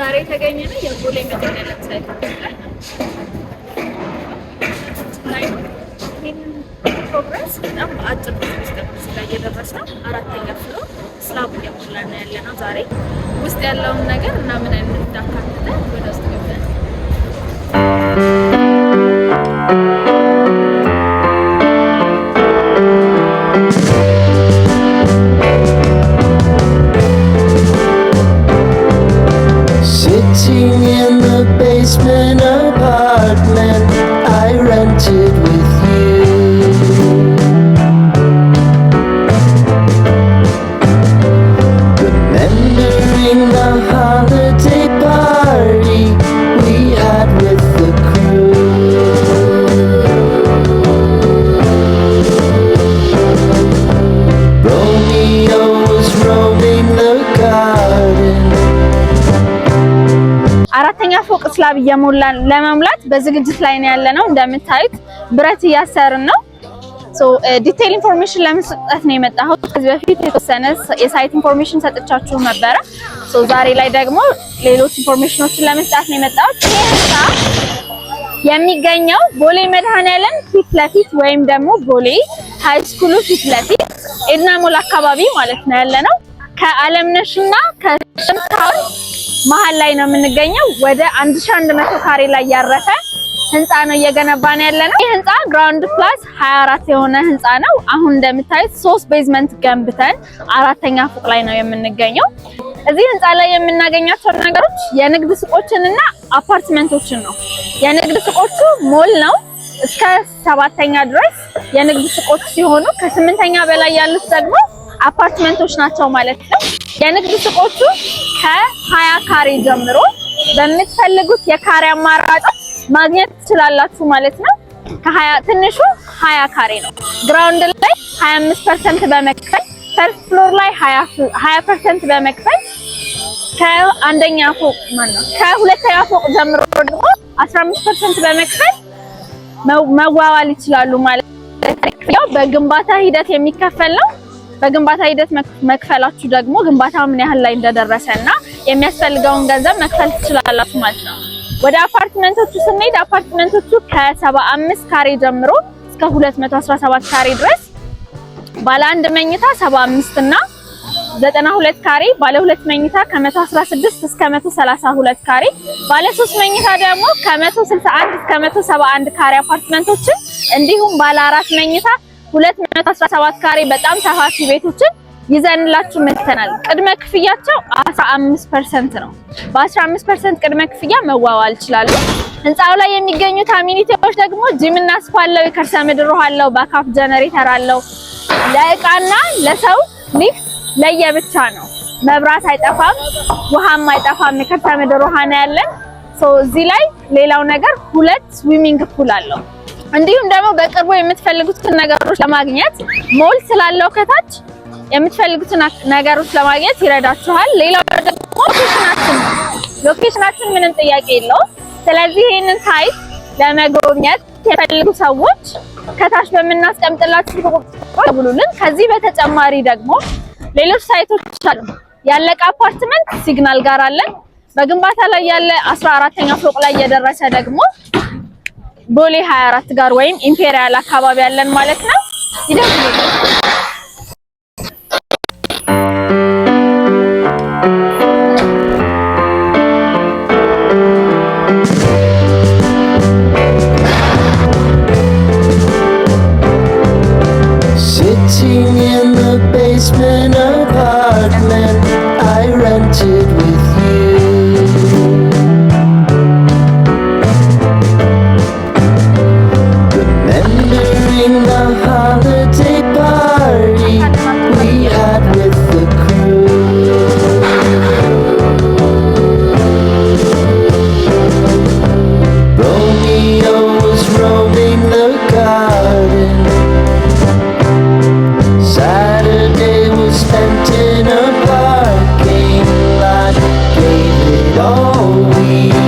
ዛሬ የተገኘ ነው የቦሌ መገናኛ ለምሳሌ ፕሮግረስ በጣም በአጭር ጊዜ ውስጥ ላይ እየደረሰ አራተኛ ፍሎ ያለ ነው። ዛሬ ውስጥ ያለውን ነገር እና ምን አይነት ሁለተኛ ፎቅ ስላብ እየሞላን ለመሙላት በዝግጅት ላይ ነው ያለነው። እንደምታዩት ብረት እያሰርን ነው። ዲቴል ኢንፎርሜሽን ለመስጠት ነው የመጣሁት። ከዚህ በፊት የተወሰነ የሳይት ኢንፎርሜሽን ሰጥቻችሁ ነበረ። ዛሬ ላይ ደግሞ ሌሎች ኢንፎርሜሽኖችን ለመስጣት ነው የመጣሁት። ይህ ህንፃ የሚገኘው ቦሌ መድኃኔዓለም ፊት ለፊት ወይም ደግሞ ቦሌ ሃይስኩሉ ፊት ለፊት ኤድና ሞል አካባቢ ማለት ነው ያለነው ከአለምነሽና ከሽምታውን መሀል ላይ ነው የምንገኘው። ወደ 1100 ካሬ ላይ ያረፈ ህንፃ ነው እየገነባ ነው ያለ ነው። ይህ ህንፃ ግራውንድ ፕላስ 24 የሆነ ህንፃ ነው። አሁን እንደምታዩት ሶስት ቤዝመንት ገንብተን አራተኛ ፎቅ ላይ ነው የምንገኘው። እዚህ ህንፃ ላይ የምናገኛቸው ነገሮች የንግድ ሱቆችን እና አፓርትመንቶችን ነው። የንግድ ሱቆቹ ሞል ነው እስከ ሰባተኛ ድረስ የንግድ ሱቆች ሲሆኑ ከስምንተኛ በላይ ያሉት ደግሞ አፓርትመንቶች ናቸው ማለት ነው። የንግድ ሱቆቹ ከሀያ ካሬ ጀምሮ በምትፈልጉት የካሬ አማራጮች ማግኘት ትችላላችሁ ማለት ነው። ከሀያ ትንሹ ሀያ ካሬ ነው። ግራውንድ ላይ 25% በመክፈል ፈርስት ፍሎር ላይ 20% በመክፈል ከአንደኛ ፎቅ ማለት ከሁለተኛ ፎቅ ጀምሮ ደግሞ 15% በመክፈል መዋዋል ይችላሉ ማለት ነው። በግንባታ ሂደት የሚከፈል ነው። በግንባታ ሂደት መክፈላችሁ ደግሞ ግንባታ ምን ያህል ላይ እንደደረሰ እና የሚያስፈልገውን ገንዘብ መክፈል ትችላላችሁ ማለት ነው። ወደ አፓርትመንቶቹ ስንሄድ አፓርትመንቶቹ ከ75 ካሬ ጀምሮ እስከ 217 ካሬ ድረስ ባለ አንድ መኝታ 75 እና 92 ካሬ፣ ባለ ሁለት መኝታ ከ116 እስከ 132 ካሬ፣ ባለ ሶስት መኝታ ደግሞ ከ161 እስከ 171 ካሬ አፓርትመንቶችን እንዲሁም ባለ አራት መኝታ ሁለት 217 ካሬ በጣም ሰፋፊ ቤቶችን ይዘንላችሁ መጥተናል። ቅድመ ክፍያቸው 15% ነው። በ15% ቅድመ ክፍያ መዋዋል ይችላሉ። ህንፃው ላይ የሚገኙት አሚኒቲዎች ደግሞ ጂምና ስፓ አለው፣ የከርሰ ምድር ውሃ አለው፣ ባካፕ ጀነሬተር አለው። ለእቃና ለሰው ሊፍት ለየብቻ ነው። መብራት አይጠፋም፣ ውሃም አይጠፋም። የከርሰ ምድር ውሃ ነው ያለን። እዚህ ላይ ሌላው ነገር ሁለት ስዊሚንግ ፑል አለው። እንዲሁም ደግሞ በቅርቡ የምትፈልጉትን ነገሮች ለማግኘት ሞል ስላለው ከታች የምትፈልጉትን ነገሮች ለማግኘት ይረዳችኋል። ሌላው ደግሞ ሎኬሽናችን ሎኬሽናችን ምንም ጥያቄ የለውም። ስለዚህ ይህንን ሳይት ለመጎብኘት የፈልጉ ሰዎች ከታች በምናስቀምጥላችሁ ደውሉልን። ከዚህ በተጨማሪ ደግሞ ሌሎች ሳይቶች አሉ። ያለቀ አፓርትመንት ሲግናል ጋር አለን። በግንባታ ላይ ያለ አስራ አራተኛ ፎቅ ላይ እየደረሰ ደግሞ ቦሌ 24 ጋር ወይም ኢምፔሪያል አካባቢ ያለን ማለት ነው። ይደውሉ። me.